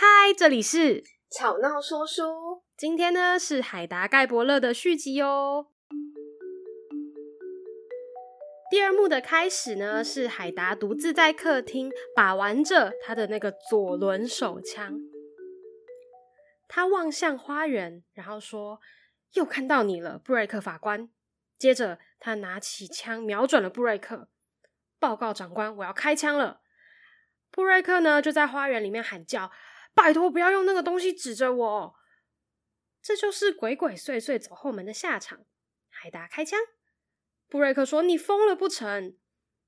嗨，這裡是吵鬧說書。今天呢是海達蓋伯樂的續集喲、哦、第二幕的開始呢，是海達獨自在客廳把玩着他的那個左輪手槍。他望向花園，然後說：“又看到你了，布瑞克法官。”接着他拿起槍，瞄準了布瑞克：“報告長官，我要開槍了。”布瑞克呢就在花園裡面喊叫。拜託，不要用那個東西指着我！這就是鬼鬼祟祟走後門的下場。海達開槍。布瑞克說：“你瘋了不成？”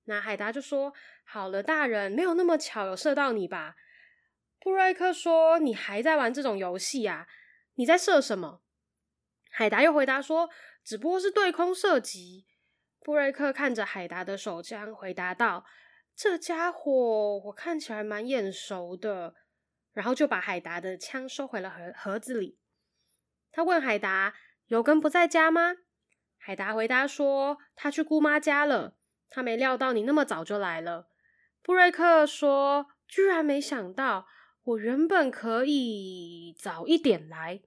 那海達就說：“好了，大人，沒有那麼巧，有射到你吧？”布瑞克說：“你還在玩這種遊戲啊？你在射什麼？”海達又回答說：“只不過是對空射擊。”布瑞克看着海達的手槍，回答道：“這家伙，我看起來蠻眼熟的。”然後就把海達的槍收回了盒盒子裡。他問海達：“尤根不在家嗎？”海達回答說：“他去姑媽家了。”他沒料到你那麼早就來了。布瑞克說：“居然沒想到，我原本可以早一點來。”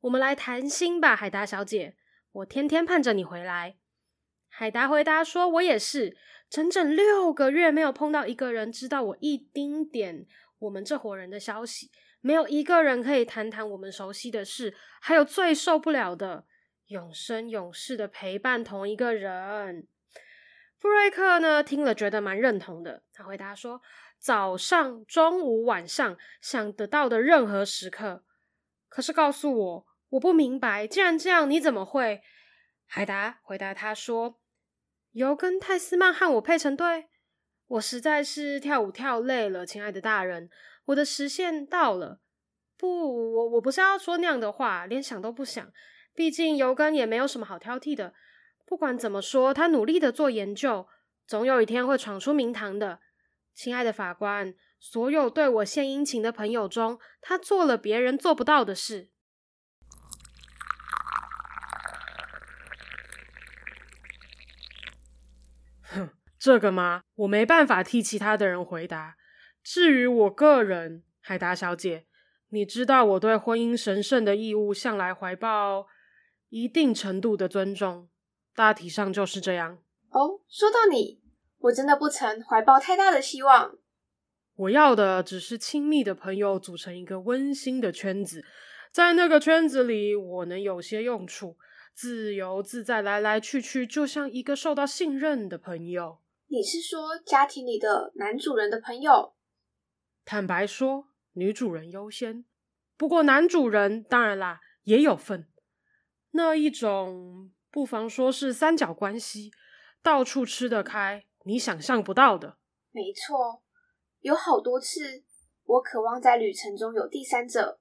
我們來談心吧，海達小姐。我天天盼着你回來。海達回答說：“我也是，整整六個月沒有碰到一個人知道我一丁點。”我們這夥人的消息，沒有一個人可以談談我們熟悉的事，還有最受不了的永生永世的陪伴同一個人。布瑞克呢，聽了覺得蠻認同的，他回答說：“早上、中午、晚上，想得到的任何時刻。”可是告訴我，我不明白，既然這樣，你怎麼會？海達回答他說：“尤根·泰斯曼和我配成對。”我實在是跳舞跳累了，親愛的大人，我的時限到了。不，我我不是要說那樣的話，連想都不想。畢竟尤根也沒有什麼好挑剔的。不管怎麼說，他努力的做研究，總有一天會闖出名堂的。親愛的法官，所有對我獻殷勤的朋友中，他做了別人做不到的事。這個嗎？我沒辦法替其他的人回答。至於我個人，海達小姐，你知道我對婚姻神聖的義務向來懷抱一定程度的尊重，大體上就是這樣。哦，說到你，我真的不曾懷抱太大的希望。我要的只是親密的朋友組成一個溫馨的圈子，在那個圈子裡，我能有些用處，自由自在來來去去，就像一個受到信任的朋友。你是說家庭裡的男主人的朋友？坦白說，女主人優先，不過男主人當然啦也有份。那一種不妨說是三角關係，到處吃得開，你想象不到的。沒錯，有好多次，我渴望在旅程中有第三者。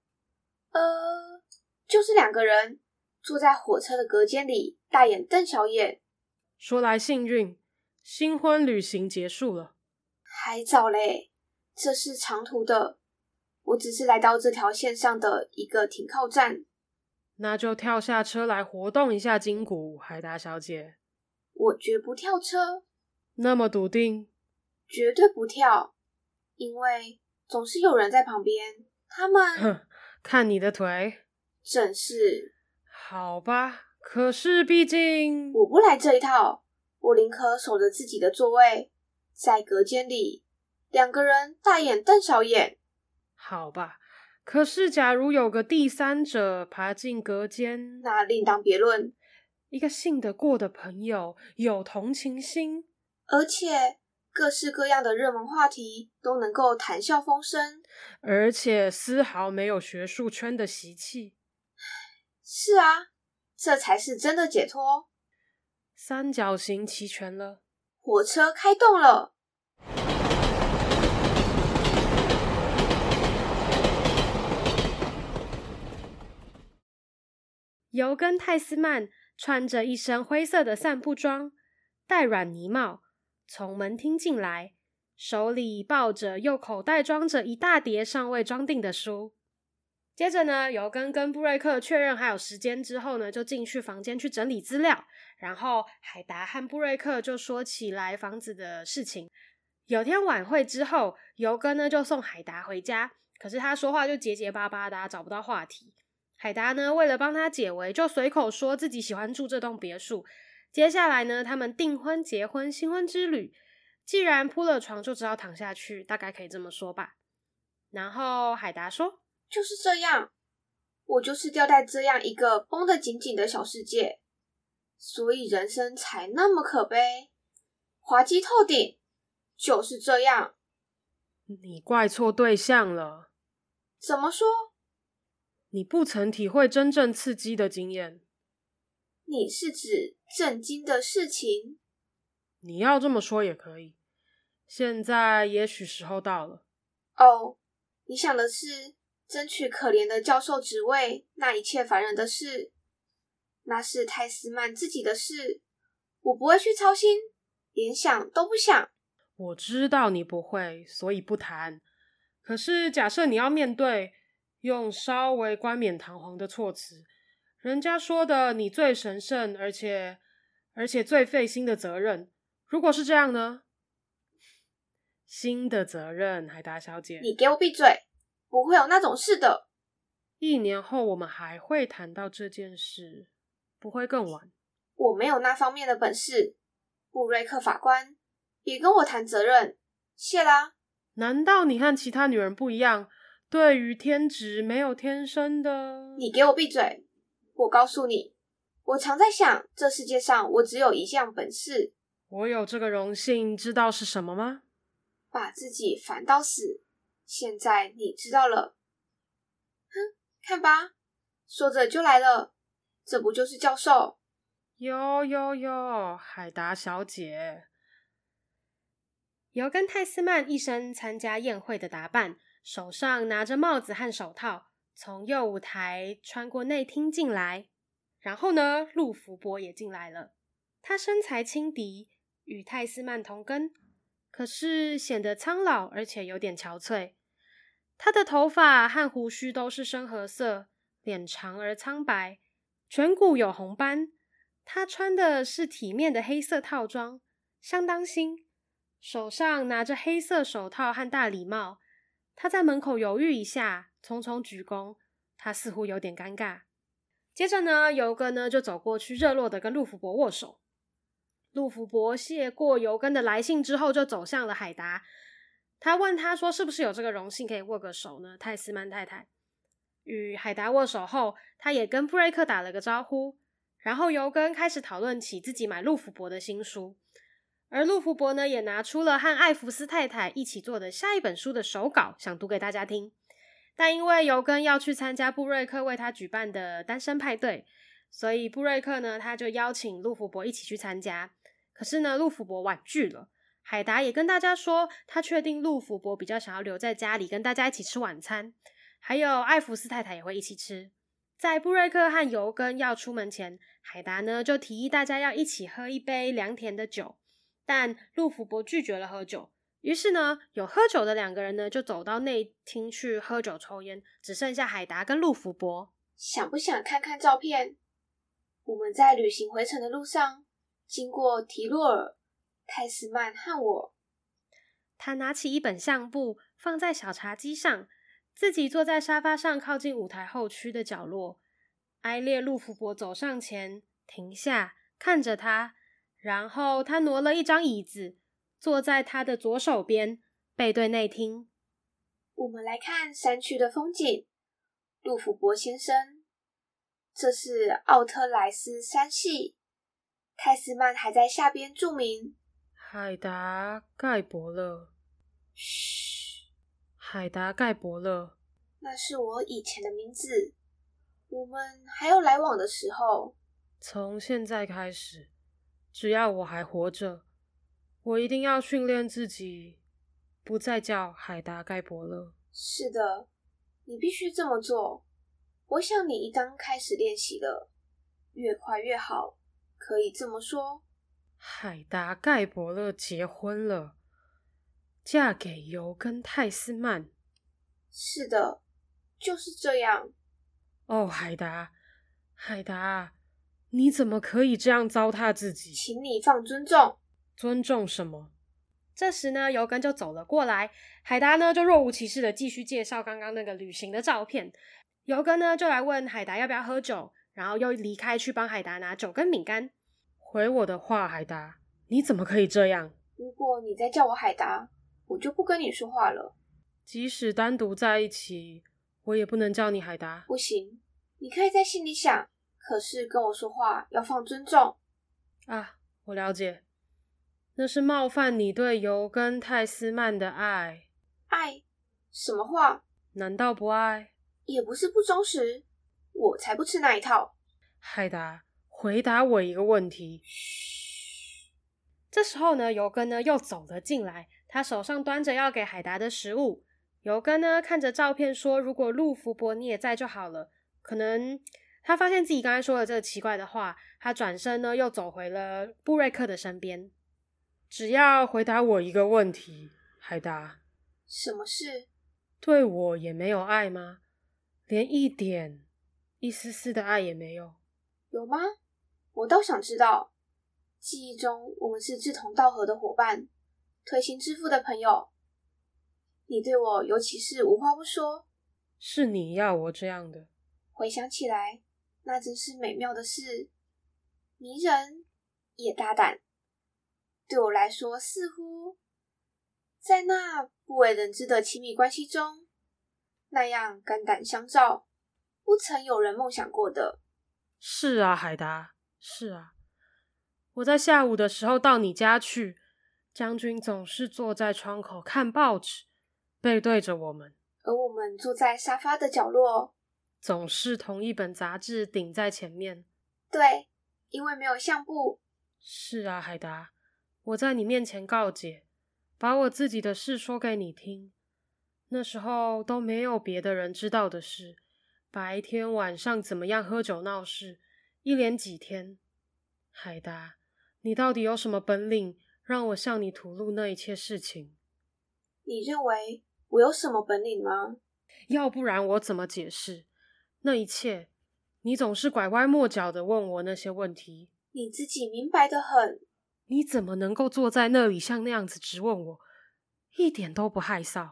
呃，就是兩個人坐在火車的隔間裡，大眼瞪小眼。說來幸運。新婚旅行結束了？還早嘞。這是長途的，我只是來到這條線上的一個停靠站。那就跳下車來活動一下筋骨，海達小姐。我絕不跳車。那麼篤定？絕對不跳，因為總是有人在旁邊。他們哼，看你的腿，正是。好吧，可是畢竟我不來這一套。我寧可守着自己的座位，在隔間裡，兩個人大眼瞪小眼。好吧，可是假如有個第三者爬進隔間，那另當別論。一個信得過的朋友，有同情心，而且各式各樣的熱門話題都能夠談笑風生，而且絲毫沒有學術圈的習氣。是啊，這才是真的解脫。三角形齊全了，火車開動了。尤根·泰斯曼穿着一身灰色的散步裝，戴軟呢帽，從門廳進來，手裡抱着，右口袋裝着一大疊尚未裝訂的書。接着呢，尤根跟布瑞克確認還有時間之後呢，就進去房間去整理資料。然後海達和布瑞克就說起來房子的事情。有天晚會之後，尤根呢就送海達回家，可是他說話就結結巴巴的啊，找不到話題。海達呢為了幫他解圍，就隨口說自己喜歡住這棟別墅。接下來呢，他們訂婚、結婚、新婚之旅。既然鋪了床，就只好躺下去，大概可以這麼說吧。然後海達說。就是這樣，我就是掉在這樣一個繃得緊緊的小世界，所以人生才那麼可悲，滑稽透頂。就是這樣，你怪錯對象了。怎麼說？你不曾體會真正刺激的經驗。你是指震驚的事情？你要這麼說也可以。現在也許時候到了。哦，你想的是？爭取可憐的教授職位，那一切煩人的事，那是泰斯曼自己的事，我不會去操心，連想都不想。我知道你不會，所以不談。可是假設你要面對，用稍微冠冕堂皇的措辭，人家說的你最神聖，而且而且最費心的責任。如果是這樣呢？新的責任，海達小姐。你給我閉嘴。不會有那種事的。一年後我們還會談到這件事，不會更晚。我沒有那方面的本事，布瑞克法官，別跟我談責任，謝啦。難道你和其他女人不一樣，對於天職沒有天生的？你給我閉嘴！我告訴你，我常在想，這世界上我只有一項本事。我有這個榮幸，知道是什麼嗎？把自己煩到死。現在你知道了，哼、嗯，看吧，說着就來了，這不就是教授？喲喲喲，海達小姐，尤根泰斯曼一身參加宴會的打扮，手上拿着帽子和手套，從右舞台穿過內廳進來。然後呢，陸福伯也進來了，他身材輕敵，與泰斯曼同根。可是顯得蒼老，而且有點憔悴。他的頭髮和鬍鬚都是深褐色，臉長而蒼白，顴骨有紅斑。他穿的是體面的黑色套裝，相當新，手上拿着黑色手套和大禮帽。他在門口猶豫一下，匆匆鞠躬。他似乎有點尷尬。接着呢，游哥呢就走過去，熱絡的跟陸福伯握手。陸福伯謝過尤根的來信之後，就走向了海達。他問他說：“是不是有這個榮幸可以握個手呢，泰斯曼太太？”與海達握手後，他也跟布瑞克打了個招呼。然後尤根開始討論起自己買陸福伯的新書，而陸福伯呢，也拿出了和艾弗斯太太一起做的下一本書的手稿，想讀給大家聽。但因為尤根要去參加布瑞克為他舉辦的單身派對，所以布瑞克呢，他就邀請陸福伯一起去參加。可是呢，陸福伯婉拒了。海達也跟大家說，他確定陸福伯比較想要留在家裡跟大家一起吃晚餐，還有艾弗斯太太也會一起吃。在布瑞克和尤根要出門前，海達呢，就提議大家要一起喝一杯涼甜的酒，但陸福伯拒絕了喝酒。於是呢，有喝酒的兩個人呢，就走到內廳去喝酒抽煙，只剩下海達跟陸福伯。想不想看看照片？我們在旅行回程的路上，經過提洛爾、泰斯曼和我。他拿起一本相簿，放在小茶幾上，自己坐在沙發上靠近舞台後區的角落。埃列·路福伯走上前，停下，看着他，然後他挪了一張椅子，坐在他的左手邊，背對內廳。我們來看山區的風景，路福伯先生，這是奧特萊斯山系。泰斯曼還在下邊注明：“海達蓋伯樂，噓，海達蓋伯樂，那是我以前的名字。我們還有來往的時候，從現在開始，只要我還活着，我一定要訓練自己，不再叫海達蓋伯樂。是的，你必須這麼做。我想你應當開始練習了，越快越好。”可以這麼說，海達蓋伯樂結婚了，嫁給尤根泰斯曼。是的，就是這樣。哦，海達，海達，你怎麼可以這樣糟蹋自己？請你放尊重。尊重什麼？這時呢，尤根就走了過來，海達呢，就若無其事地繼續介紹剛剛那個旅行的照片。尤根呢，就來問海達要不要喝酒。然後又離開去幫海達拿酒跟餅乾。回我的話，海達，你怎麼可以這樣？如果你再叫我海達，我就不跟你說話了。即使單獨在一起，我也不能叫你海達。不行，你可以在心裡想，可是跟我說話要放尊重。啊，我了解。那是冒犯你對尤根·泰斯曼的愛。愛？什麼話？難道不愛？也不是不忠實。我才不吃那一套！海達，回答我一個問題。噓。這時候呢，尤根呢又走了進來，他手上端着要給海達的食物。尤根呢看着照片說：“如果陸福伯你也在就好了。”可能他發現自己剛才說的這個奇怪的話，他轉身呢又走回了布瑞克的身邊。只要回答我一個問題，海達。什麼事？對我也沒有愛嗎？連一點？一絲絲的愛也沒有，有嗎？我倒想知道。記憶中，我們是志同道合的夥伴，推心置腹的朋友。你對我，尤其是無話不說。是你要我這樣的。回想起來，那真是美妙的事，迷人也大膽。對我來說，似乎在那不為人知的親密關係中，那樣肝膽相照。不曾有人夢想過的。是啊，海達，是啊。我在下午的時候到你家去。將軍總是坐在窗口看報紙，背對着我們。而我們坐在沙發的角落，總是同一本雜誌頂在前面。對，因為沒有相簿。是啊，海達。我在你面前告解，把我自己的事說給你聽。那時候都沒有別的人知道的事。白天晚上怎麼樣喝酒鬧事？一連幾天，海達，你到底有什麼本領，讓我向你吐露那一切事情？你認為我有什麼本領嗎？要不然我怎麼解釋那一切？你總是拐彎抹角的問我那些問題，你自己明白得很。你怎麼能夠坐在那裡像那樣子質問我，一點都不害臊？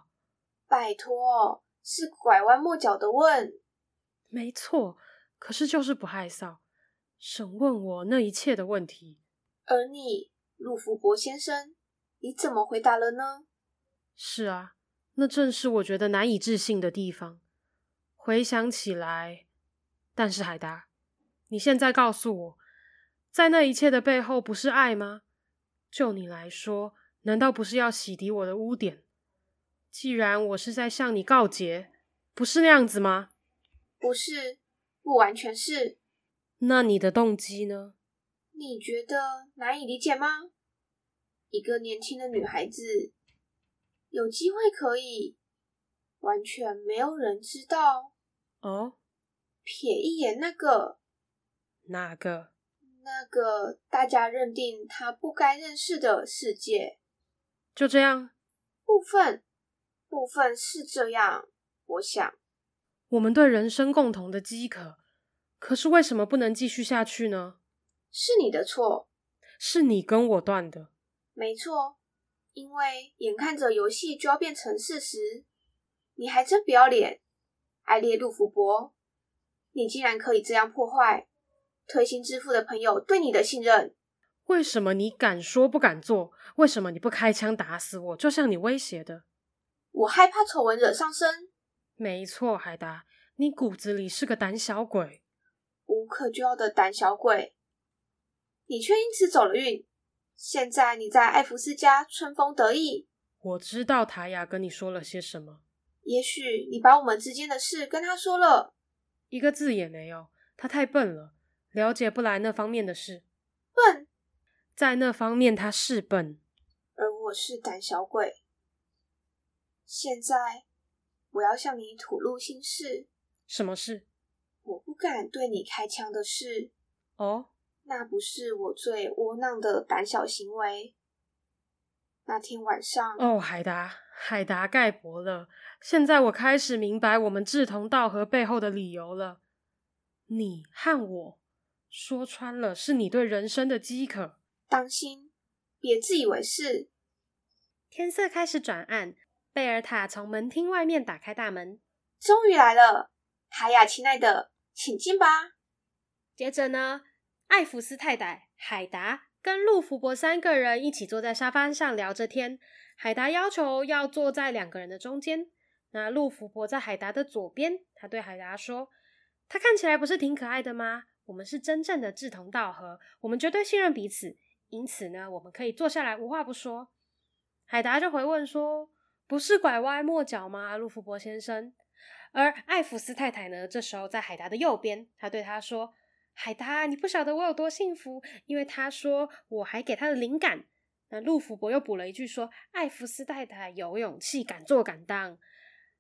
拜托，是拐彎抹角的問。沒錯，可是就是不害臊，審問我那一切的問題，而你，陸福伯先生，你怎麼回答了呢？是啊，那正是我覺得難以置信的地方。回想起來，但是海達，你現在告訴我，在那一切的背後，不是愛嗎？就你來說，難道不是要洗滌我的污點？既然我是在向你告解，不是那樣子嗎？不是，不完全是。那你的動機呢？你覺得難以理解嗎？一個年輕的女孩子，有機會可以，完全沒有人知道。哦？撇一眼那個，哪個？那個大家認定她不該認識的世界。就這樣。部分，部分是這樣。我想。我們對人生共同的飢渴，可是為什麼不能繼續下去呢？是你的錯，是你跟我斷的。沒錯，因為眼看着遊戲就要變成事實，你還真不要臉，愛烈路福博，你竟然可以這樣破壞推心置腹的朋友對你的信任。為什麼你敢說不敢做？為什麼你不開槍打死我？就像你威脅的，我害怕醜聞惹上身。沒錯，海達，你骨子裡是個膽小鬼，無可救藥的膽小鬼。你卻因此走了運，現在你在艾弗斯家春風得意。我知道塔亞跟你說了些什麼？也許你把我們之間的事跟他說了。一個字也沒有，他太笨了，了解不來那方面的事。笨，在那方面他是笨，而我是膽小鬼。現在。我要向你吐露心事。什麼事？我不敢對你開槍的事。哦？那不是我最窩囊的膽小行為。那天晚上。哦，海達，海達蓋伯樂。現在我開始明白我們志同道合背後的理由了。你和我說穿了，是你對人生的飢渴。當心，別自以為是。天色開始轉暗。貝爾塔從門廳外面打開大門，終於來了，海雅親愛的，請進吧。接着呢，艾弗斯太太海達跟陸福伯三個人一起坐在沙發上聊着天。海達要求要坐在兩個人的中間，那陸福伯在海達的左邊。他對海達說：“他看起來不是挺可愛的嗎？我們是真正的志同道合，我們絕對信任彼此，因此呢，我們可以坐下來無話不說。”海達就回問說。不是拐彎抹角嗎，路福伯先生？而艾弗斯太太呢？這時候在海達的右邊，他對他說：“海達，你不曉得我有多幸福，因為他說我還給他的靈感。”那陸福伯又補了一句說：“艾弗斯太太有勇氣，敢作敢當。”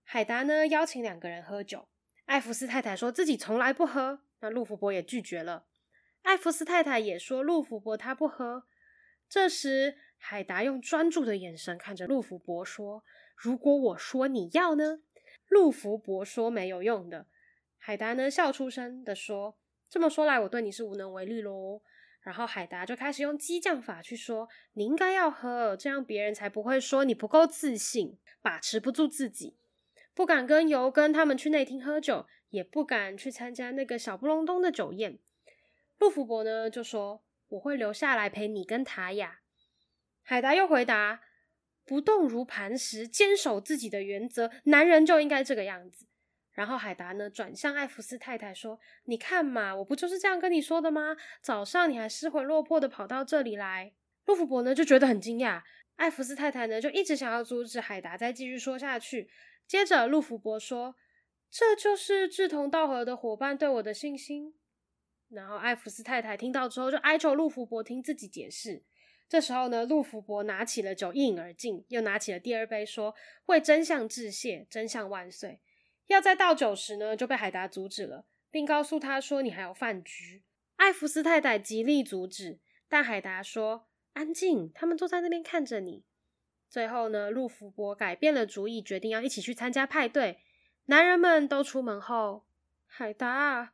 海達呢，邀請兩個人喝酒。艾弗斯太太說自己從來不喝，那路福伯也拒絕了。艾弗斯太太也說陸福伯他不喝。這時。海達用專注的眼神看着陸福伯說：“如果我說你要呢？”陸福伯說：“沒有用的。”海達呢笑出聲的說：“這麼說來，我對你是無能為力咯。”然後海達就開始用激將法去說：“你應該要喝，這樣別人才不會說你不夠自信，把持不住自己，不敢跟尤根他們去內廳喝酒，也不敢去參加那個小布隆冬的酒宴。”陸福伯呢就說：“我會留下來陪你跟塔雅。”海達又回答：“不動如磐石，堅守自己的原則，男人就應該這個樣子。”然後海達呢轉向艾弗斯太太說：“你看嘛，我不就是這樣跟你說的嗎？早上你還失魂落魄的跑到這裡來。”陸福伯呢就覺得很驚訝，艾弗斯太太呢就一直想要阻止海達再繼續說下去。接着陸福伯說：“這就是志同道合的夥伴對我的信心。”然後艾弗斯太太聽到之後就哀求陸福伯聽自己解釋。這時候呢，陸福伯拿起了酒，一飲而盡，又拿起了第二杯，說：“為真相致謝，真相萬歲！”要再倒酒時呢，就被海達阻止了，並告訴他說：“你還有飯局。”艾弗斯太太極力阻止，但海達說：“安靜，他們坐在那邊看着你。”最後呢，陸福伯改變了主意，決定要一起去參加派對。男人們都出門後，海達啊，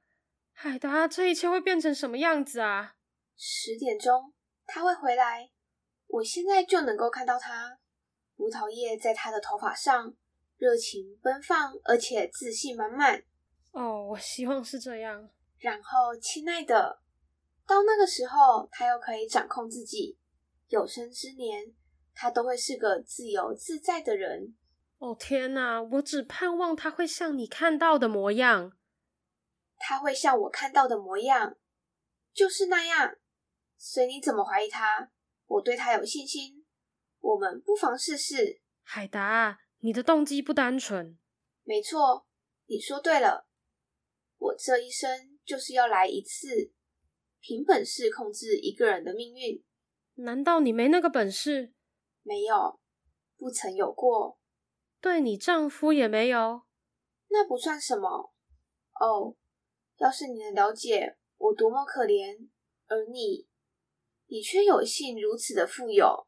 海達啊，這一切會變成什麼樣子啊？十點鐘他會回來。我現在就能夠看到他，葡萄葉在他的頭髮上，熱情奔放，而且自信滿滿。哦，我希望是這樣。然後，親愛的，到那個時候，他又可以掌控自己。有生之年，他都會是個自由自在的人。哦，天哪！我只盼望他會像你看到的模樣，他會像我看到的模樣，就是那樣。隨你怎麼懷疑他。我對他有信心，我們不妨試試。海達啊，你的動機不單純。沒錯，你說對了。我這一生就是要來一次，憑本事控制一個人的命運。難道你沒那個本事？沒有，不曾有過。對你丈夫也沒有。那不算什麼。哦，要是你能了解我多麼可憐，而你……你卻有幸如此的富有，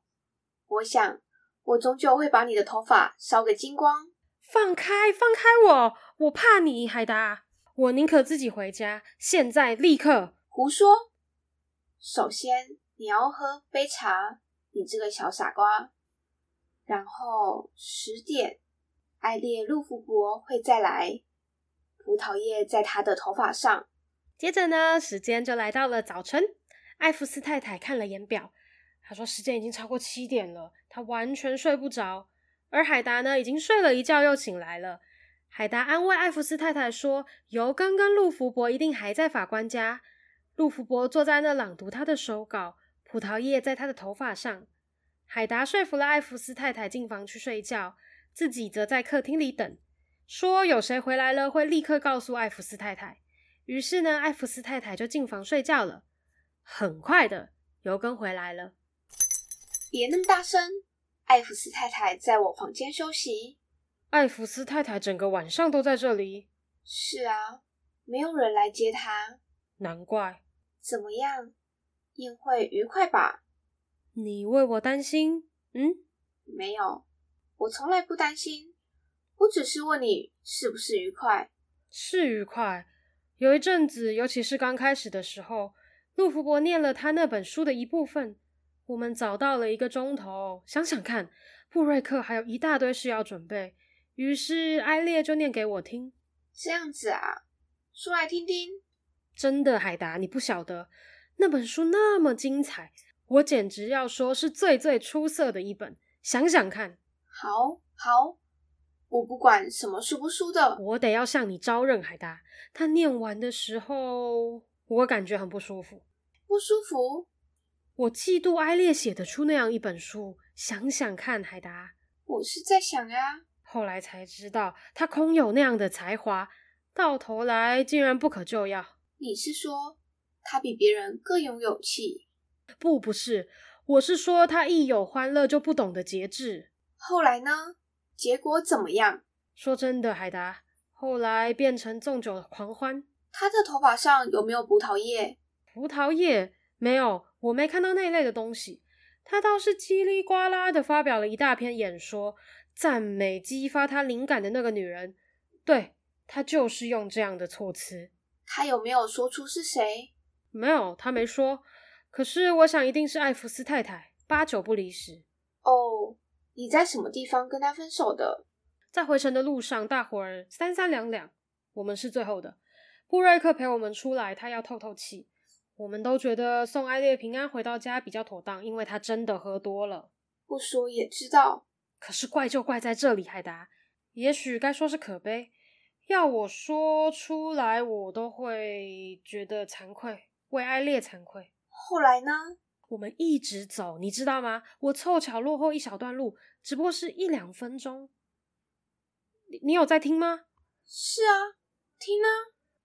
我想，我終究會把你的頭髮燒個精光。放開，放開我！我怕你，海達。我寧可自己回家。現在，立刻。胡說！首先，你要喝杯茶，你這個小傻瓜。然後，十點，愛烈·路福伯會再來。葡萄葉在他的頭髮上。接着呢，時間就來到了早晨。艾弗斯太太看了眼表，她說：“時間已經超過七點了，她完全睡不着。”而海達呢，已經睡了一覺又醒來了。海達安慰艾弗斯太太說：“尤根跟陸福伯一定還在法官家，陸福伯坐在那朗讀他的手稿，葡萄葉在他的頭髮上。”海達說服了艾弗斯太太進房去睡覺，自己則在客廳裡等，說有誰回來了會立刻告訴艾弗斯太太。於是呢，艾弗斯太太就進房睡覺了。很快的，尤根回來了。別那麼大聲！艾弗斯太太在我房間休息。艾弗斯太太整個晚上都在這裡。是啊，沒有人來接她。難怪。怎麼樣？宴會愉快吧？你為我擔心？嗯，沒有，我從來不擔心。我只是問你是不是愉快。是愉快。有一陣子，尤其是剛開始的時候。陸福伯念了他那本書的一部分，我們早到了一個鐘頭。想想看，布瑞克還有一大堆事要準備。於是艾烈就念給我聽。這樣子啊，說來聽聽。真的，海達，你不曉得那本書那麼精彩，我簡直要說是最最出色的一本。想想看，好好，我不管什麼輸不輸的，我得要向你招認，海達。他念完的時候，我感覺很不舒服。不舒服，我嫉妒埃列寫得出那樣一本書。想想看，海達，我是在想呀。後來才知道，他空有那樣的才華，到頭來竟然不可救藥。你是說他比別人更有勇氣？不，不是，我是說他一有歡樂就不懂得節制。後來呢？結果怎麼樣？說真的，海達，後來變成縱酒狂歡。他的頭髮上有沒有葡萄葉？葡萄葉，沒有，我沒看到那類的東西。他倒是嘰裡呱啦的發表了一大篇演說，讚美激發他靈感的那個女人。對，他就是用這樣的措辭。他有沒有說出是誰？沒有，他沒說。可是我想一定是艾弗斯太太，八九不離十。哦，oh，你在什麼地方跟他分手的？在回城的路上，大夥兒三三兩兩，我們是最後的。布瑞克陪我們出來，他要透透氣。我們都覺得送艾烈平安回到家比較妥當，因為他真的喝多了，不說也知道。可是怪就怪在這裡，海達。也許該說是可悲，要我說出來，我都會覺得慚愧，為艾烈慚愧。後來呢？我們一直走，你知道嗎？我湊巧落後一小段路，只不過是一兩分鐘。你，你有在聽嗎？是啊，聽啊。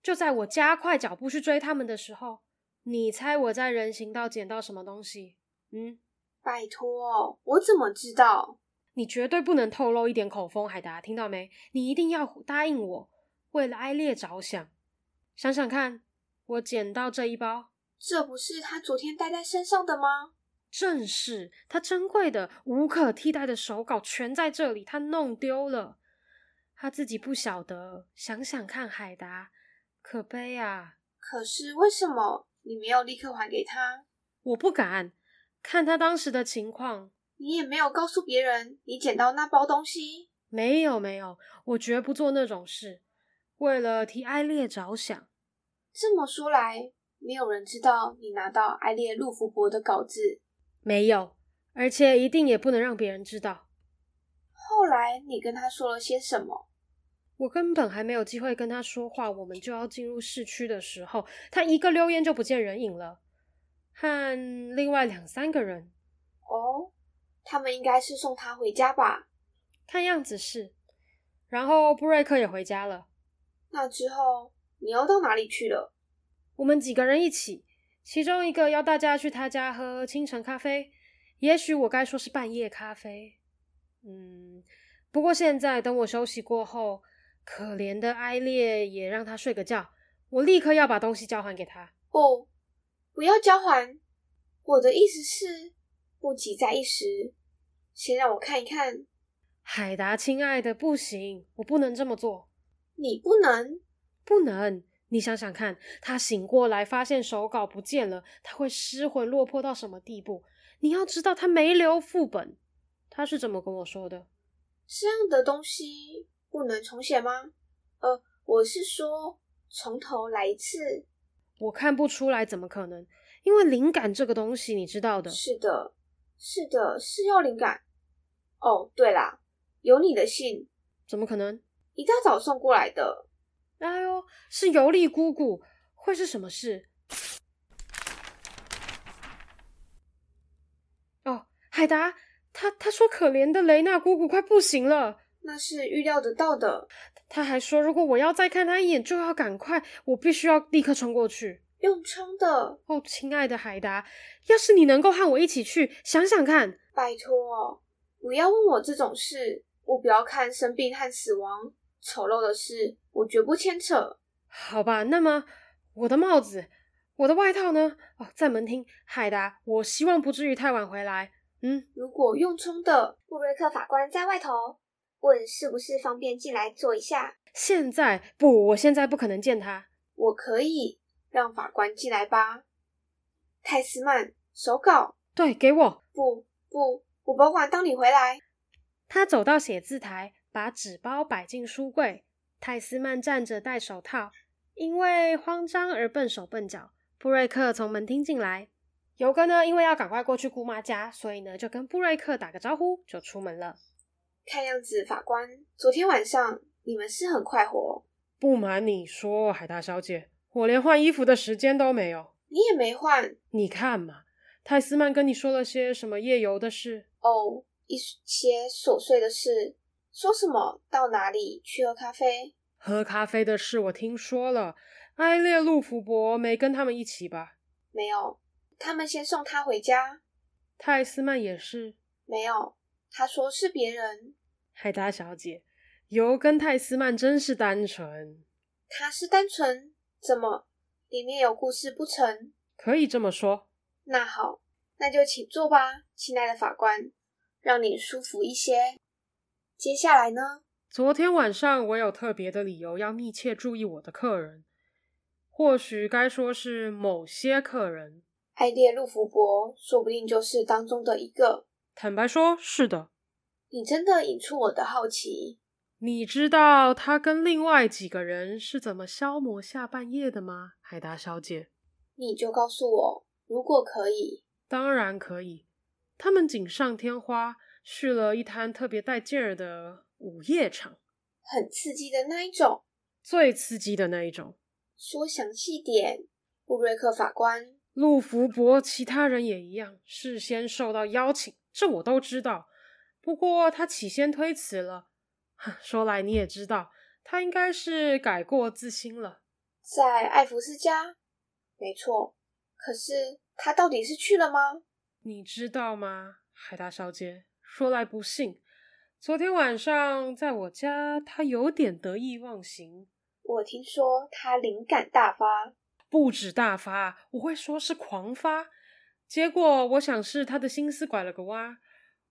就在我加快腳步去追他們的時候。你猜我在人行道撿到什麼東西？嗯，拜託，我怎麼知道？你絕對不能透露一點口風，海達，聽到沒？你一定要答應我，為了艾烈着想。想想看，我撿到這一包，這不是他昨天帶在身上的嗎？正是，他珍貴的、無可替代的手稿全在這裡，他弄丟了，他自己不曉得。想想看，海達，可悲啊！可是為什麼？你沒有立刻還給他？我不敢，看他當時的情況。你也沒有告訴別人你撿到那包東西？沒有，沒有，我絕不做那種事。為了替艾烈着想。這麼說來，沒有人知道你拿到艾烈盧福伯的稿子。沒有，而且一定也不能讓別人知道。後來你跟他說了些什麼？我根本還沒有機會跟他說話，我們就要進入市區的時候，他一個溜煙就不見人影了，和另外兩三個人。哦，他們應該是送他回家吧？看樣子是。然後布瑞克也回家了。那之後你又要到哪裡去了？我們幾個人一起，其中一個邀大家去他家喝清晨咖啡，也許我該說是半夜咖啡。嗯，不過現在等我休息過後。可憐的艾烈，也讓他睡個覺。我立刻要把東西交還給他。不，不要交還。我的意思是，不急在一時，先讓我看一看。海達，親愛的，不行，我不能這麼做。你不能，不能。你想想看，他醒過來發現手稿不見了，他會失魂落魄到什麼地步？你要知道，他沒留副本。他是怎麼跟我說的？這樣的東西。不能重寫嗎？呃，我是說從頭來一次。我看不出來，怎麼可能？因為靈感這個東西，你知道的。是的，是的，是要靈感。哦，對啦，有你的信。怎麼可能？一大早送過來的。哎呦，是尤利姑姑，會是什麼事？哦，海達，他他說可憐的雷娜姑姑快不行了。那是預料得到的。他還說，如果我要再看他一眼，就要趕快，我必須要立刻衝過去。用衝的哦，oh, 親愛的海達，要是你能夠和我一起去，想想看。拜託，不要問我這種事，我不要看生病和死亡，醜陋的事，我絕不牽扯。好吧，那麼我的帽子、我的外套呢？哦、oh，在門廳。海達，我希望不至於太晚回來。嗯，如果用衝的。布瑞克法官在外頭。問是不是方便進來坐一下？現在，不，我現在不可能見他。我可以讓法官進來吧。泰斯曼手稿，對，給我。不不，我保管，等你回來。他走到寫字台，把紙包擺進書櫃。泰斯曼站着戴手套，因為慌張而笨手笨腳。布瑞克從門廳進來。尤哥呢，因為要趕快過去姑媽家，所以呢，就跟布瑞克打個招呼就出門了。看樣子，法官，昨天晚上你們是很快活。不瞞你說，海大小姐，我連換衣服的時間都沒有。你也沒換。你看嘛，泰斯曼跟你說了些什麼夜遊的事？哦，一些瑣碎的事。說什麼？到哪裡去喝咖啡？喝咖啡的事我聽說了。埃列路福伯沒跟他們一起吧？沒有，他們先送他回家。泰斯曼也是？沒有。他說是別人，海達小姐，尤根泰斯曼真是單純。他是單純？怎麼？裡面有故事不成？可以這麼說。那好，那就請坐吧，親愛的法官，讓你舒服一些。接下來呢？昨天晚上我有特別的理由要密切注意我的客人，或許該說是某些客人。愛列路福伯說不定就是當中的一個。坦白說，是的。你真的引出我的好奇。你知道他跟另外幾個人是怎麼消磨下半夜的嗎？海達小姐。你就告訴我，如果可以。當然可以。他們錦上添花，去了一攤特別帶勁兒的午夜場，很刺激的那一種，最刺激的那一種。說詳細點，布瑞克法官。路福伯，其他人也一樣，事先受到邀請。這我都知道，不過他起先推辭了。哼，說來你也知道，他應該是改過自新了，在艾弗斯家。沒錯，可是他到底是去了嗎？你知道嗎，海達小姐？說來不幸，昨天晚上在我家，他有點得意忘形。我聽說他靈感大發，不止大發，我會說是狂發。結果，我想是他的心思拐了個彎。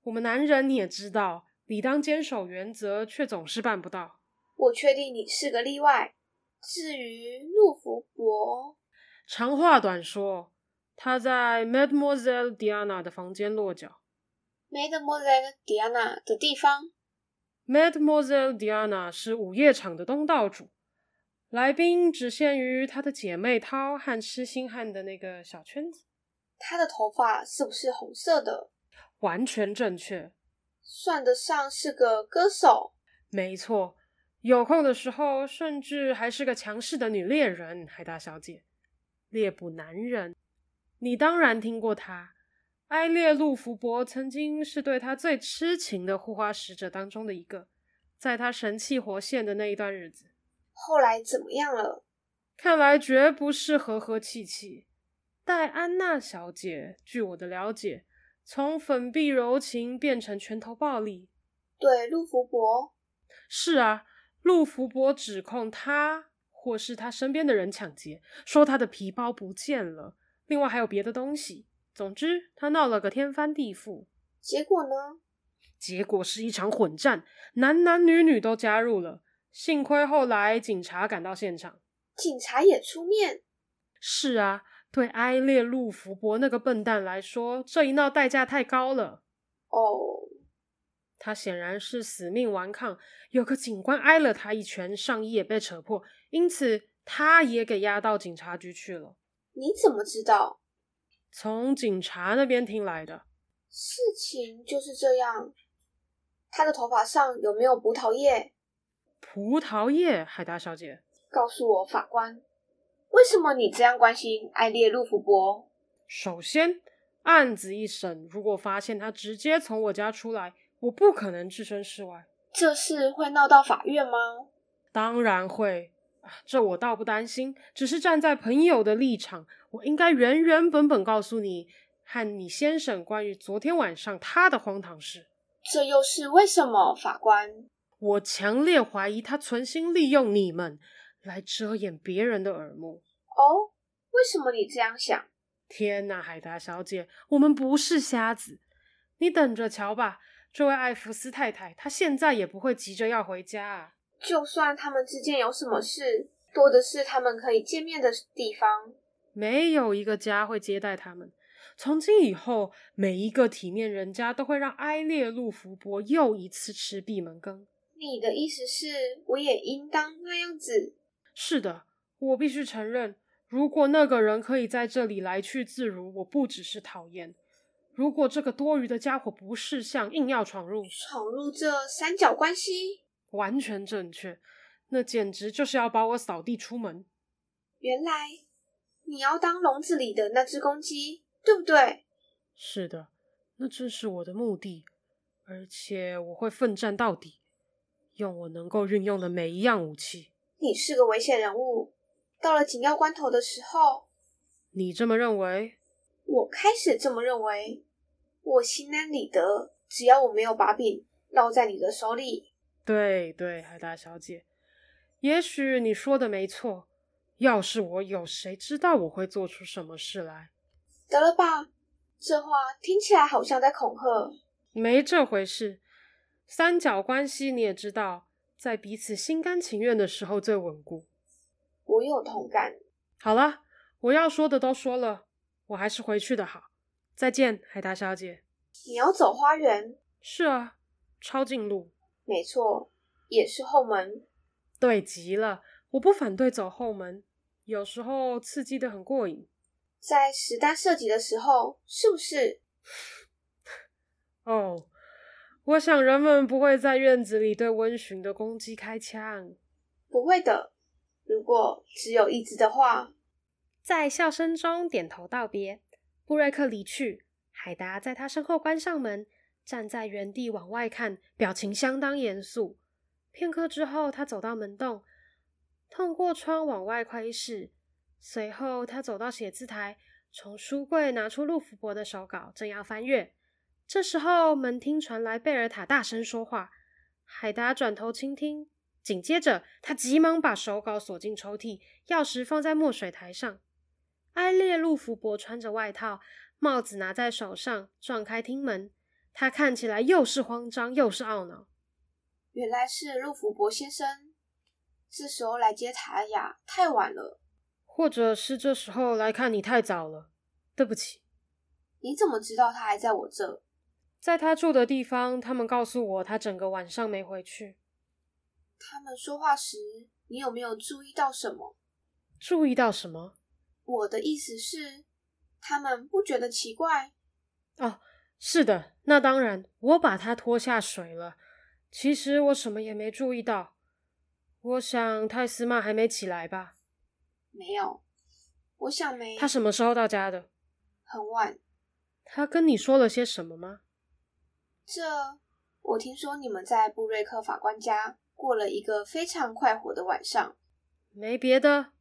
我們男人你也知道，理當堅守原則，卻總是辦不到。我確定你是個例外。至於路福伯，長話短說，他在 Mademoiselle Diana 的房間落腳。Mademoiselle Diana 的地方。Mademoiselle Diana 是午夜場的東道主，來賓只限於她的姐妹淘和痴心漢的那個小圈子。她的頭髮是不是紅色的？完全正確，算得上是個歌手。沒錯，有空的時候甚至還是個強勢的女獵人，海大小姐，獵捕男人。你當然聽過她，埃列路福伯曾經是對他最痴情的護花使者當中的一個，在他神氣活現的那一段日子。後來怎麼樣了？看來絕不是和和氣氣。戴安娜小姐，據我的了解，從粉碧柔情變成拳頭暴力。對，陸福伯。是啊，陸福伯指控他或是他身邊的人搶劫，說他的皮包不見了，另外還有別的東西。總之，他鬧了個天翻地覆。結果呢？結果是一場混戰，男男女女都加入了。幸虧後來警察趕到現場，警察也出面。是啊。對埃列路福博那個笨蛋來說，這一鬧代價太高了。哦、oh.，他顯然是死命頑抗，有個警官挨了他一拳，上衣也被扯破，因此他也給押到警察局去了。你怎麼知道？從警察那邊聽來的。事情就是這樣。他的頭髮上有沒有葡萄葉？葡萄葉，海達小姐，告訴我，法官。為什麼你這樣關心艾列·路福波？首先，案子一審，如果發現他直接從我家出來，我不可能置身事外。這事會鬧到法院嗎？當然會，這我倒不擔心，只是站在朋友的立場，我應該原原本本告訴你和你先生關於昨天晚上他的荒唐事。這又是為什麼，法官？我強烈懷疑他存心利用你們。來遮掩別人的耳目。哦？為什麼你這樣想？天哪，海達小姐，我們不是瞎子，你等着瞧吧。這位艾弗斯太太，她現在也不會急着要回家啊。就算他們之間有什麼事，多的是他們可以見面的地方。沒有一個家會接待他們。從今以後，每一個體面人家都會讓埃列路福伯又一次吃閉門羹。你的意思是，我也應當那樣子？是的，我必須承認，如果那個人可以在這裡來去自如，我不只是討厭。如果這個多餘的家伙不識相硬要闖入、闖入這三角關係，完全正確，那簡直就是要把我掃地出門。原來你要當籠子裡的那隻公雞，對不對？是的，那正是我的目的，而且我會奮戰到底，用我能夠運用的每一樣武器。你是個危險人物，到了緊要關頭的時候，你這麼認為？我開始這麼認為，我心安理得，只要我沒有把柄落在你的手裡。對對，海達小姐，也許你說的沒錯。要是我有，誰知道我會做出什麼事來？得了吧，這話聽起來好像在恐嚇。沒這回事，三角關係你也知道。在彼此心甘情願的時候最穩固。我有同感。好了，我要說的都說了，我還是回去的好。再見，海達小姐。你要走花園？是啊，抄近路。沒錯，也是後門。對極了，我不反對走後門，有時候刺激得很過癮。在實彈射擊的時候，是不是？哦、 oh.。我想人們不會在院子裡對溫馴的公雞開槍，不會的。如果只有一只的話，在笑聲中點頭道別，布瑞克離去。海達在他身後關上門，站在原地往外看，表情相當嚴肅。片刻之後，他走到門洞，透過窗往外窺視。隨後，他走到寫字台，從書櫃拿出陸福伯的手稿，正要翻閱。這時候，門廳傳來貝爾塔大聲說話。海達轉頭傾聽。緊接着，他急忙把手稿鎖進抽屜，鑰匙放在墨水台上。埃列·路福伯穿着外套，帽子拿在手上，撞開廳門。他看起來又是慌張又是懊惱。原來是路福伯先生，這時候來接塔雅太晚了，或者是這時候來看你太早了。對不起，你怎麼知道他還在我這？在他住的地方，他們告訴我他整個晚上沒回去。他們說話時，你有沒有注意到什麼？注意到什麼？我的意思是，他們不覺得奇怪。哦，是的，那當然。我把他拖下水了。其實我什麼也沒注意到。我想泰斯曼還沒起來吧？沒有，我想沒。他什麼時候到家的？很晚。他跟你說了些什麼嗎？這，我聽說你們在布瑞克法官家過了一個非常快活的晚上，沒別的，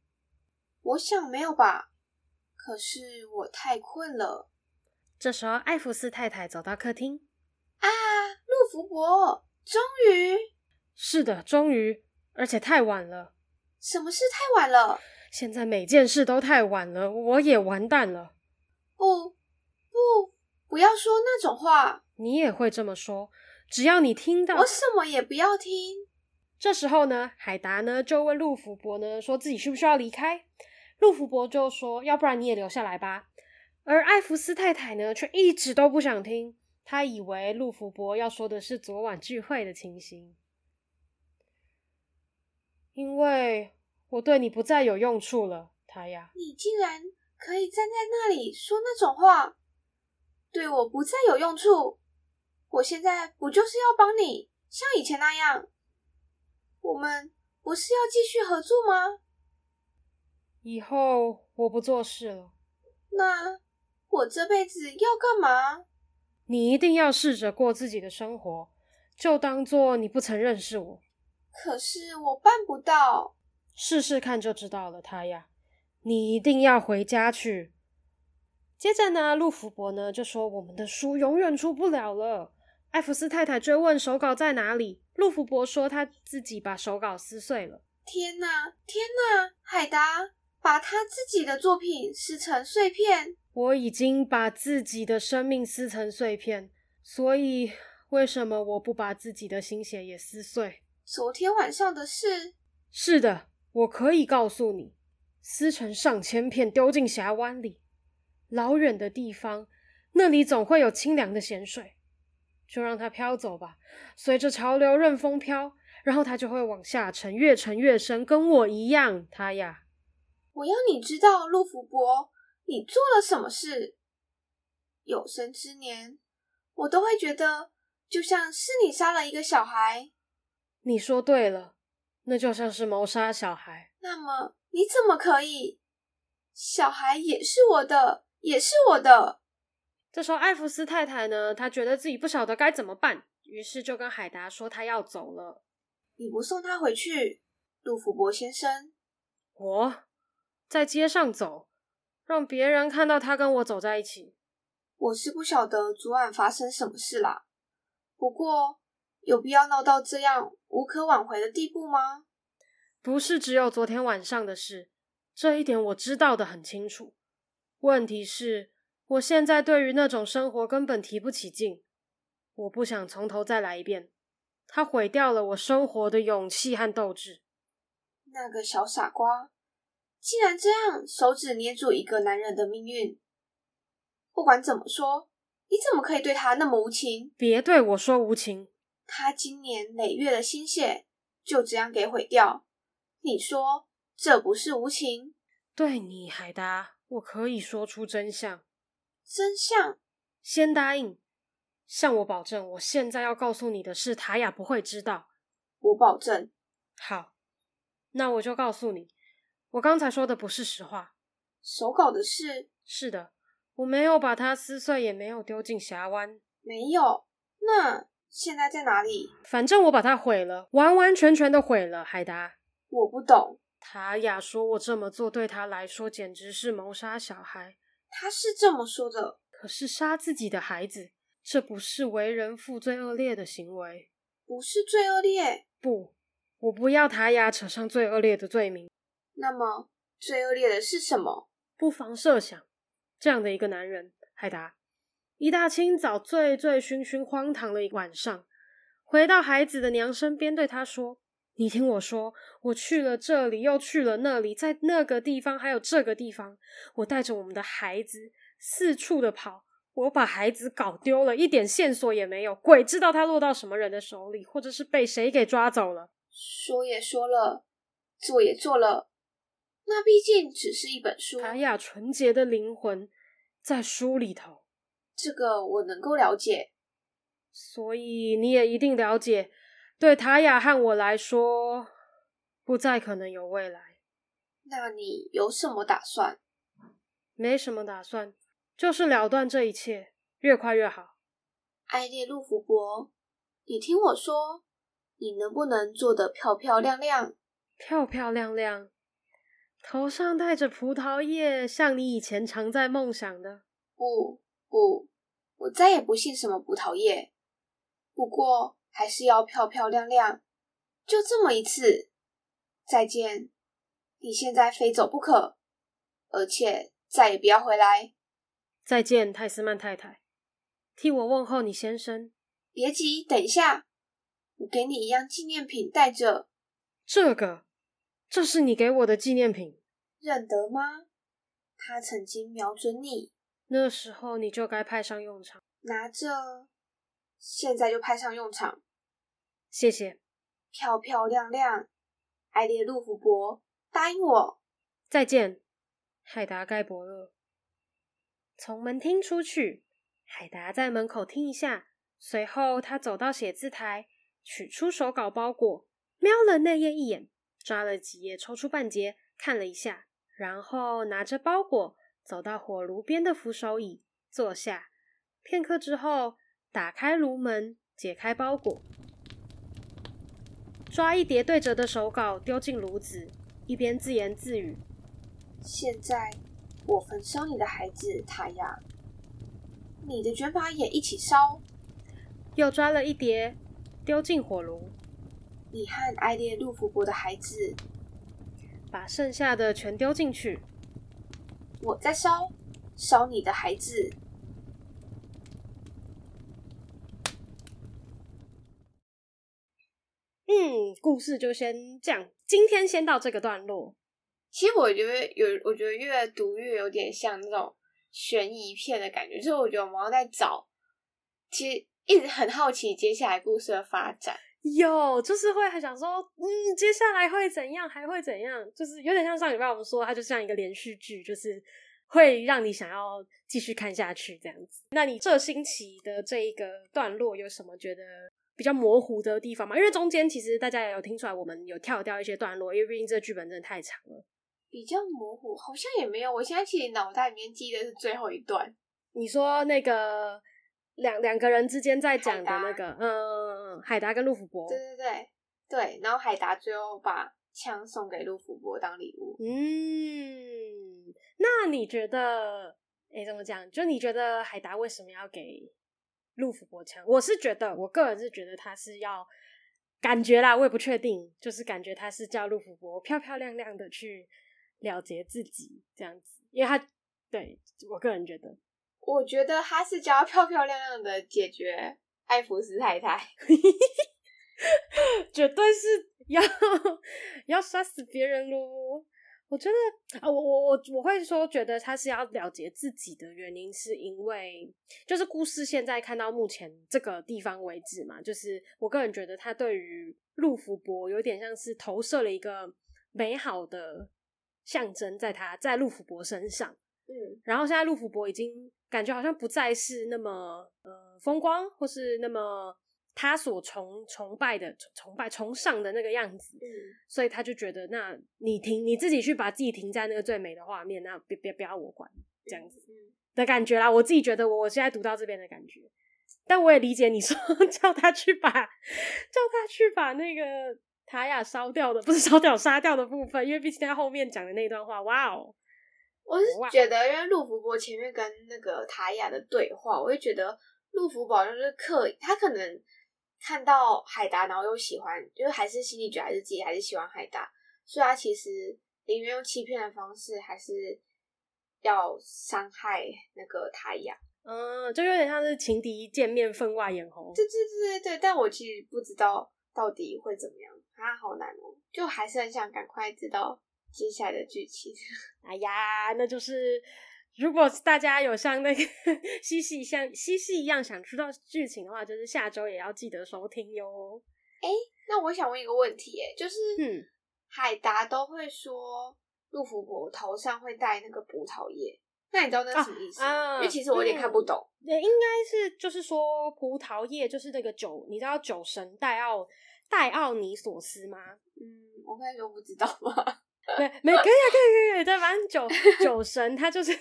我想沒有吧。可是我太困了。這時候，艾弗斯太太走到客廳。啊，路福伯，終於，是的，終於，而且太晚了。什麼事太晚了？現在每件事都太晚了，我也完蛋了。不，不，不要說那種話。你也會這麼說，只要你聽到。我什麼也不要聽。這時候呢，海達呢就問陸福伯呢，說自己需不需要離開。陸福伯就說：“要不然你也留下來吧。”而艾弗斯太太呢，卻一直都不想聽。她以為陸福伯要說的是昨晚聚會的情形，因為我對你不再有用處了，他呀，你竟然可以站在那裡說那種話，對我不再有用處。我現在不就是要幫你，像以前那樣，我們不是要繼續合作嗎？以後我不做事了，那我這輩子要幹嘛？你一定要試着過自己的生活，就當做你不曾認識我。可是我辦不到，試試看就知道了。泰雅，你一定要回家去。接着呢，陸福伯呢就說，我們的書永遠出不了了。艾弗斯太太追問：“手稿在哪裡？”陸福伯說：“他自己把手稿撕碎了。”“天吶，天吶，海達把他自己的作品撕成碎片。”“我已經把自己的生命撕成碎片，所以為什麼我不把自己的心血也撕碎？”“昨天晚上的事。”“是的，我可以告訴你，撕成上千片，丟進峽灣裡，老遠的地方，那裡總會有清涼的鹹水。”就讓它飄走吧，隨着潮流任風飄，然後它就會往下沉，越沉越深，跟我一樣，它呀。我要你知道，陸福伯，你做了什麼事？有生之年，我都會覺得，就像是你殺了一個小孩。你說對了，那就像是謀殺小孩。那麼你怎麼可以？小孩也是我的，也是我的。這時候，艾弗斯太太呢？她覺得自己不曉得該怎麼辦，於是就跟海達說她要走了。你不送她回去，杜甫伯先生？我在街上走，讓別人看到他跟我走在一起。我是不曉得昨晚發生什麼事啦。不過有必要鬧到這樣無可挽回的地步嗎？不是只有昨天晚上的事，這一點我知道得很清楚。問題是。我現在對於那種生活，根本提不起勁，我不想從頭再來一遍。他毀掉了我生活的勇氣和鬥志。那個小傻瓜，竟然這樣手指捏住一個男人的命運。不管怎麼說，你怎麼可以對他那麼無情？別對我說無情。他經年累月的心血就這樣給毀掉，你說這不是無情？對你，海達，我可以說出真相。真相，先答應，向我保證。我現在要告訴你的事，塔雅不會知道。我保證。好，那我就告訴你，我剛才說的不是實話。手稿的事，是的，我沒有把它撕碎，也沒有丟進峽灣。沒有。那現在在哪裡？反正我把它毀了，完完全全的毀了。海達，我不懂。塔雅說，我這麼做對他來說簡直是謀殺小孩。他是這麼說的，可是殺自己的孩子，這不是為人父最惡劣的行為，不是最惡劣。不，我不要塔雅扯上最惡劣的罪名。那麼，最惡劣的是什麼？不妨設想，這樣的一個男人，海達，一大清早醉醉醺醺醺、荒唐了一晚上，回到孩子的娘身邊，對他說。你聽我說，我去了這裡，又去了那裡，在那個地方，還有這個地方，我帶着我們的孩子四處的跑，我把孩子搞丟了，一點線索也沒有，鬼知道他落到什麼人的手裡，或者是被誰給抓走了。說也說了，做也做了，那畢竟只是一本書，哎呀，純潔的靈魂在書裡頭，這個我能夠了解，所以你也一定了解。對塔雅和我來說，不再可能有未來。那你有什麼打算？沒什麼打算，就是了斷這一切，越快越好。艾列路福伯，你聽我說，你能不能做得漂漂亮亮？漂漂亮亮，頭上戴着葡萄葉，像你以前常在夢想的。不不，我再也不信什麼葡萄葉。不過。還是要漂漂亮亮，就這麼一次。再見！你現在非走不可，而且再也不要回來。再見，泰斯曼太太。替我問候你先生。別急，等一下，我給你一樣紀念品，帶着。這個，這是你給我的紀念品，認得嗎？他曾經瞄準你，那時候你就該派上用場。拿着，現在就派上用場。謝謝，漂漂亮亮，埃列路夫伯。答應我，再見，海達蓋伯樂。從門廳出去，海達在門口聽一下，隨後他走到寫字台，取出手稿包裹，瞄了內頁一眼，抓了幾頁抽出半截，看了一下，然後拿着包裹走到火爐邊的扶手椅坐下。片刻之後，打開爐門，解開包裹。抓一疊對折的手稿丟進爐子，一邊自言自語：“現在我焚燒你的孩子，塔亞，你的卷髮也一起燒。”又抓了一疊，丟進火爐。你和埃列路夫布的孩子，把剩下的全丟進去。我在燒，燒你的孩子。嗯，故事就先這樣，今天先到這個段落。其實我覺得有，我覺得越讀越有點像那種懸疑片的感覺。就是我覺得我們要在找，其實一直很好奇接下來故事的發展。有，就是會很想說，嗯，接下來會怎樣，還會怎樣，就是有點像上禮拜我們說，它就像一個連續劇，就是會讓你想要繼續看下去這樣子。那你這星期的這一個段落有什麼覺得？比較模糊的地方嘛，因為中間其實大家也有聽出來，我們有跳掉一些段落，因為畢竟這劇本真的太長了。比較模糊，好像也沒有。我現在其實腦袋裡面記的是最後一段，你說那個兩兩個人之間在講的那個，海達嗯，海達跟陸福博，對對對對，然後海達最後把槍送給陸福博當禮物。嗯，那你覺得，誒，欸，怎麼講？就你覺得海達為什麼要給？陸福博強，我是覺得，我個人是覺得他是要感覺啦，我也不確定，就是感覺他是叫陸福博漂漂亮亮的去了結自己這樣子，因為他對我個人覺得，我覺得他是叫漂漂亮亮的解決愛弗斯太太， 絕對是要要殺死別人咯。我覺得啊，我我我我會說，覺得他是要了結自己的原因，是因為就是故事現在看到目前這個地方為止嘛，就是我個人覺得他對於陸福伯有點像是投射了一個美好的象徵在他、在陸福伯身上，嗯，然後現在陸福伯已經感覺好像不再是那麼呃風光或是那麼。他所崇崇拜的、崇拜、崇尚的那個樣子，嗯，所以他就覺得，那你停，你自己去把自己停在那個最美的畫面，那別別不要我管這樣子的感覺啦。我自己覺得我，我我現在讀到這邊的感覺，但我也理解你說叫他去把 叫他去把那個塔雅燒掉的，不是燒掉、殺掉的部分，因為畢竟他後面講的那段話，哇哦，我是覺得，因為陸福伯前面跟那個塔雅的對話，我會覺得陸福寶就是刻意，他可能。看到海達，然後又喜歡，就是還是心裡覺得還是自己還是喜歡海達，所以其實寧願用欺騙的方式，還是要傷害那個太陽。嗯，就有點像是情敵見面，分外眼紅。對對對對但我其實不知道到底會怎麼樣啊，好難哦、喔，就還是很想趕快知道接下來的劇情。哎呀，那就是。如果大家有像那個西西像西西一樣想知道劇情的話，就是下周也要記得收聽喲。誒、欸、那我想問一個問題、欸，誒就是，嗯、海達都會說，路福伯頭上會戴那個葡萄葉，那你知道那是什麼意思嗎、啊啊？因為其實我有點看不懂。嗯、對應該是就是說，葡萄葉就是那個酒，你知道酒神戴奧戴奧尼索斯嗎？嗯，我剛才不知道吧。 對，沒可以啊，可以可以。對，反正酒酒神，他就是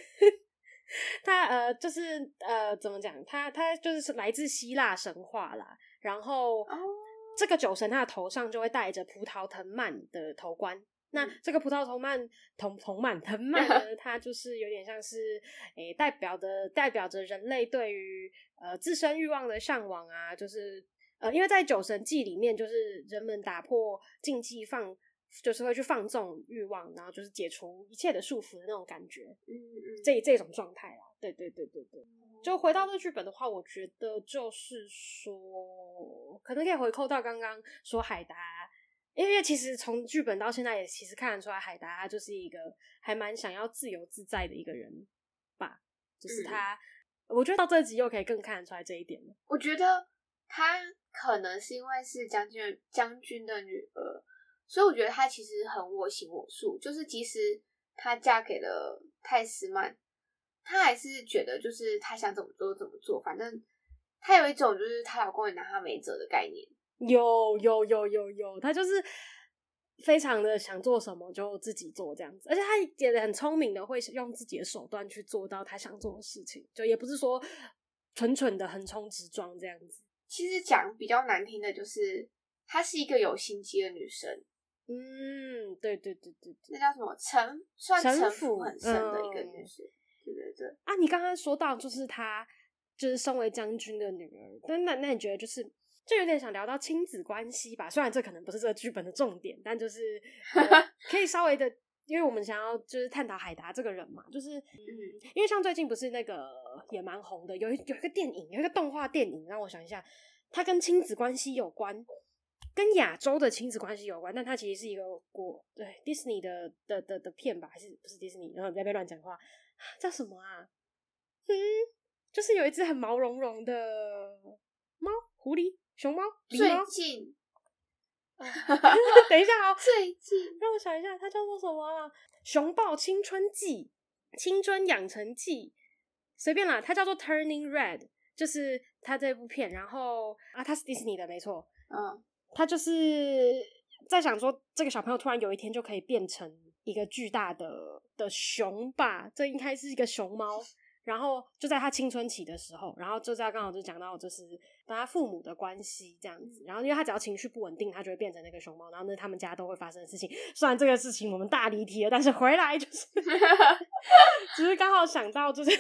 他呃，就是呃，怎麼講？他他就是來自希臘神話啦。然後這個酒神，他的頭上就會戴着葡萄藤蔓的頭冠。嗯、那這個葡萄同藤蔓，藤藤蔓藤蔓呢，它就是有點像是誒、yeah. 欸，代表的代表着人類對於呃自身欲望的向往啊。就是呃，因為在酒神祭裡面，就是人們打破禁忌放。就是會去放縱慾望，然後就是解除一切的束縛的那種感覺，嗯嗯，這這種狀態啊，對對對對對。就回到這劇本的話，我覺得就是說，可能可以回扣到剛剛說海達，因為其實從劇本到現在也其實看得出來，海達他就是一個還蠻想要自由自在的一個人吧，就是他、嗯，我覺得到這集又可以更看得出來這一點。我覺得他可能是因為是將軍將軍的女兒。所以我覺得她其實很我行我素，就是即使她嫁給了泰斯曼，她還是覺得就是她想怎麼做怎麼做，反正她有一種就是她老公也拿她沒轍的概念。有有有有有，她就是非常的想做什麼就自己做這樣子，而且她也很聰明的會用自己的手段去做到她想做的事情，就也不是說蠢蠢的橫衝直撞這樣子。其實講比較難聽的就是她是一個有心機的女生。嗯，對對對對對，那叫什麼城？算城府很深，嗯、的一個女生，嗯、對對對。啊，你剛剛說到就是她，就是身為將軍的女兒，那那那你覺得就是，就有點想聊到親子關係吧？雖然這可能不是這個劇本的重點，但就是 可以稍微的，因為我們想要就是探討海達這個人嘛，就是嗯，因為像最近不是那個也蠻紅的，有有一個電影，有一個動畫電影，讓我想一下，它跟親子關係有關。跟亞洲的親子關係有關，但它其實是一個國對迪士尼的的的的，的片吧？還是不是迪士尼？然後不要被亂講話，叫什麼啊？嗯，就是有一隻很毛茸茸的貓、狐狸、熊貓、狸貓、最近，啊、 等一下啊、喔！最近讓我想一下，它叫做什麼啊？《熊抱青春記》《青春養成記》，隨便啦，它叫做《Turning Red》，就是它這部片。然後啊，它是迪士尼的，沒錯，嗯他就是在想說，這個小朋友突然有一天就可以變成一個巨大的的熊吧？這應該是一個熊貓。然後就在他青春期的時候，然後就在剛好就講到就是跟他父母的關係這樣子。然後因為他只要情緒不穩定，他就會變成那個熊貓。然後那他們家都會發生的事情。雖然這個事情我們大離題了，但是回來就是，只 是剛好想到就是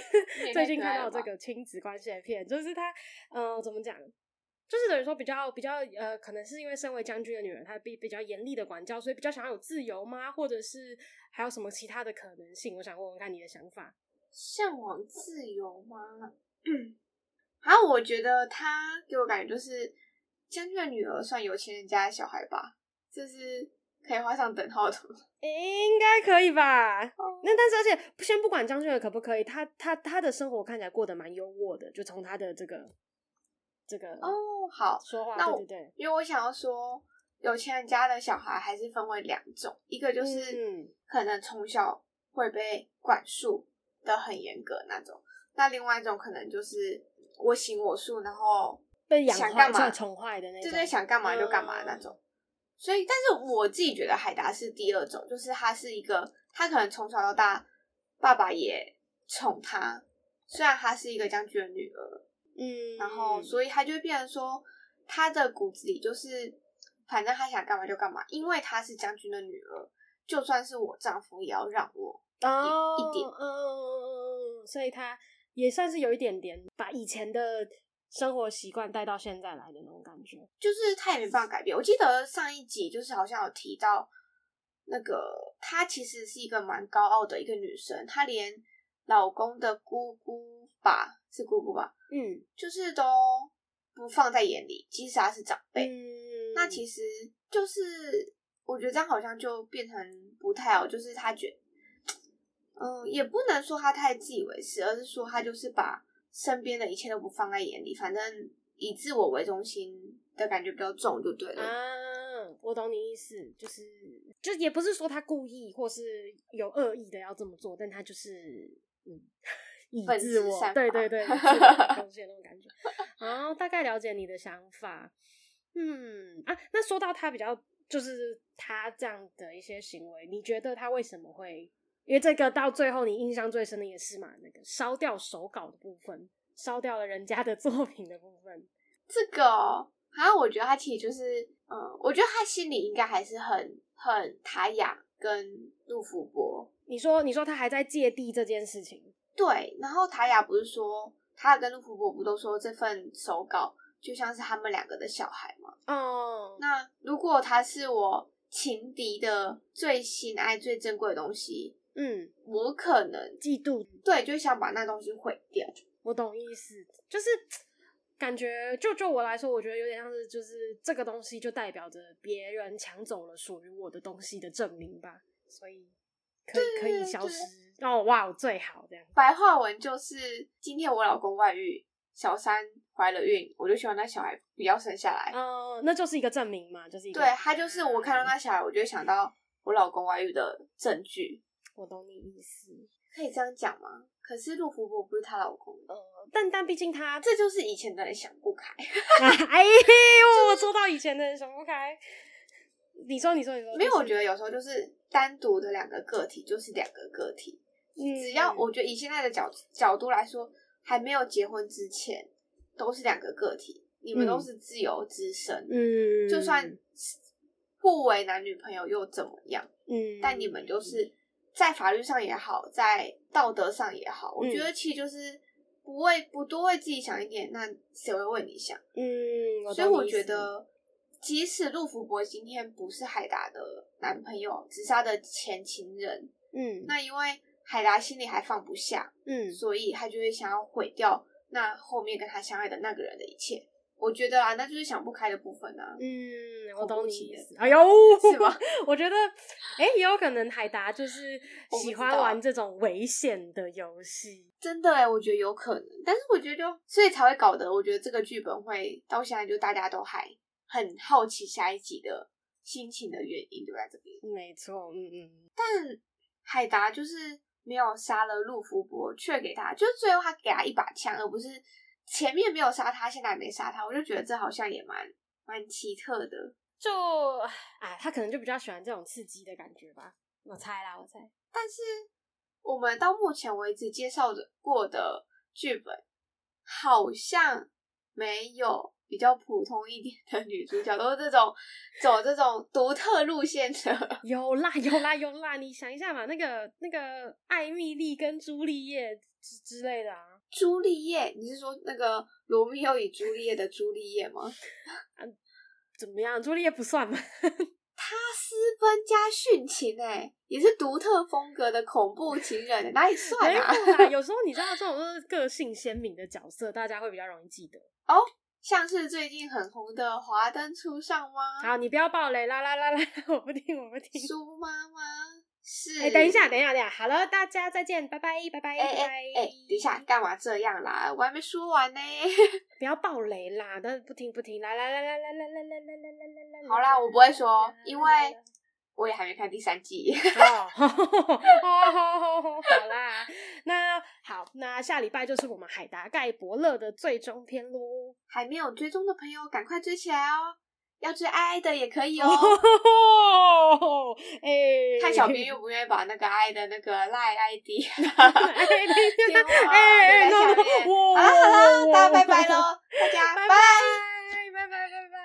最近看到這個親子關係的片，就是他嗯、呃，怎麼講？就是等於說比較比較呃，可能是因為身為將軍的女兒，她比比較嚴厲的管教，所以比較想要有自由嗎？或者是還有什麼其他的可能性？我想問問看你的想法。向往自由嗎？嗯，然後，啊，我覺得她給我感覺就是將軍的女兒算有錢人家的小孩吧，就是可以畫上等號圖。應該可以吧？哦，那但是而且先不管將軍的可不可以，他他他的生活看起來過得蠻優渥的，就從他的這個。哦，好，說話，那我，對對對對，因為我想要說，有錢人家的小孩還是分為兩種，一個就是可能從小會被管束的很嚴格那種，那另外一種可能就是我行我素，然後想幹嘛寵壞的那種。對對,對，想幹嘛就幹嘛的那種。嗯。所以，但是我自己覺得海達是第二種，就是他是一個，他可能從小到大爸爸也寵他，雖然他是一個將軍的女兒。嗯，然後所以他就會變成說，他的骨子裡就是，反正他想幹嘛就幹嘛，因為她是將軍的女兒，就算是我丈夫也要讓我一、哦、一點、哦，所以他也算是有一點點把以前的生活習慣帶到現在來的那種感覺，就是他也沒辦法改變。我記得上一集就是好像有提到，那個她其實是一個蠻高傲的一個女生，她連老公的姑姑吧。是姑姑吧？嗯，就是都不放在眼裡，即使他是長輩，嗯。那其實就是，我覺得這樣好像就變成不太好。就是他覺得嗯，也不能說他太自以為是，而是說他就是把身邊的一切都不放在眼裡，反正以自我為中心的感覺比較重，就對了。啊，我懂你意思，就是就也不是說他故意或是有惡意的要這麼做，但他就是嗯。很自我對對對，出現 那種感覺，然後大概了解你的想法，嗯啊，那說到他比較，就是他這樣的一些行為，你覺得他為什麼會？因為這個到最後你印象最深的也是嘛，那個燒掉手稿的部分，燒掉了人家的作品的部分，這個像、啊、我覺得他其實就是，嗯，我覺得他心裡應該還是很很塔雅跟陸福博，你說你說他還在芥蒂這件事情。對，然後塔雅不是說，他跟陸虎伯不都說這份手稿就像是他們兩個的小孩嗎？哦，Oh，那如果他是我情敵的最心愛、最珍貴的東西，嗯，我可能嫉妒。對，就想把那東西毀掉。我懂意思，就是感覺就就我來說，我覺得有點像是，就是這個東西就代表着別人搶走了屬於我的東西的證明吧，所以。可以可以消失哦，哇，我最好這樣。白話文就是今天我老公外遇，小三懷了孕，我就希望那小孩不要生下來。嗯、呃，那就是一個證明嘛，就是一個，對。他就是我看到那小孩，我就會想到我老公外遇的證據。我懂你意思，可以這樣講嗎？可是陸福福不是他老公的、呃，但但畢竟他這就是以前的人想不開。哎呦，我做到以前的人想不開 你。你說，你說，你說，沒有，我覺得有時候就是。單獨的兩個個體就是兩個個體，嗯、只要我覺得以現在的角、嗯、角度來說，還沒有結婚之前都是兩個個體，嗯，你們都是自由之身，嗯，就算互為男女朋友又怎麼樣，嗯，但你們就是在法律上也好，嗯，在道德上也好，嗯，我覺得其實就是不為不多為自己想一點，那誰會為你想？嗯，所以我覺得，即使陸福伯今天不是海達的。男朋友自殺的前情人，嗯，那因為海達心裡還放不下，嗯，所以他就會想要毀掉那後面跟他相愛的那個人的一切。我覺得啊，那就是想不開的部分呢、啊。嗯，我懂你。哎呦，是吧？ 我覺得，哎、欸，也有可能海達就是喜歡玩這種危險的遊戲。真的哎、欸，我覺得有可能，但是我覺得，就，所以才會搞得我覺得這個劇本會到現在就大家都還很好奇下一集的。心情的原因，對不對？這邊沒錯，嗯嗯。但海達就是沒有殺了陸福伯，卻給他，就最後他給他一把槍，而不是前面沒有殺他，現在沒殺他，我就覺得這好像也蠻蠻奇特的。就哎、啊，他可能就比較喜歡這種刺激的感覺吧。我猜啦，我猜。但是我們到目前為止介紹過的劇本好像沒有。比較普通一點的女主角都是這種走這種獨特路線的，有啦有啦有啦！你想一下嘛，那個那個艾蜜莉跟朱麗葉之之類的啊。朱麗葉，你是說那個《羅密歐與朱麗葉》的朱麗葉嗎？啊，怎麼樣？朱麗葉不算嗎？她私奔加殉情。欸，誒也是獨特風格的恐怖情人。欸，哪裡算啊？有。有時候你知道，這種都是個性鮮明的角色，大家會比較容易記得哦。像是最近很紅的《華燈初上》嗎？好，你不要暴雷啦啦啦啦！我不聽，我不聽。蘇媽媽是……哎，等一下，等一下，等一下！好了，大家再見，拜拜，拜拜，哎、欸欸欸、等一下，幹嘛這樣啦？我還沒說完呢！ 不要暴雷啦！不聽不聽，啦啦啦啦啦啦啦啦啦啦啦！好啦，我不會說，因為。我也還沒看第三季。好，好，好，好，好啦。 那好，那下禮拜就是我們海達蓋伯樂的最終篇嘍。還沒有追蹤的朋友，趕快追起來哦！要追愛愛的也可以哦。哎、哦哦哦欸，看小編又不願意把那個愛的、那個賴 ID、賴 ID、欸好欸、在下面、哦、好啦、哦，大家拜拜嘍！拜拜大家拜拜,拜拜，拜拜，拜拜。拜拜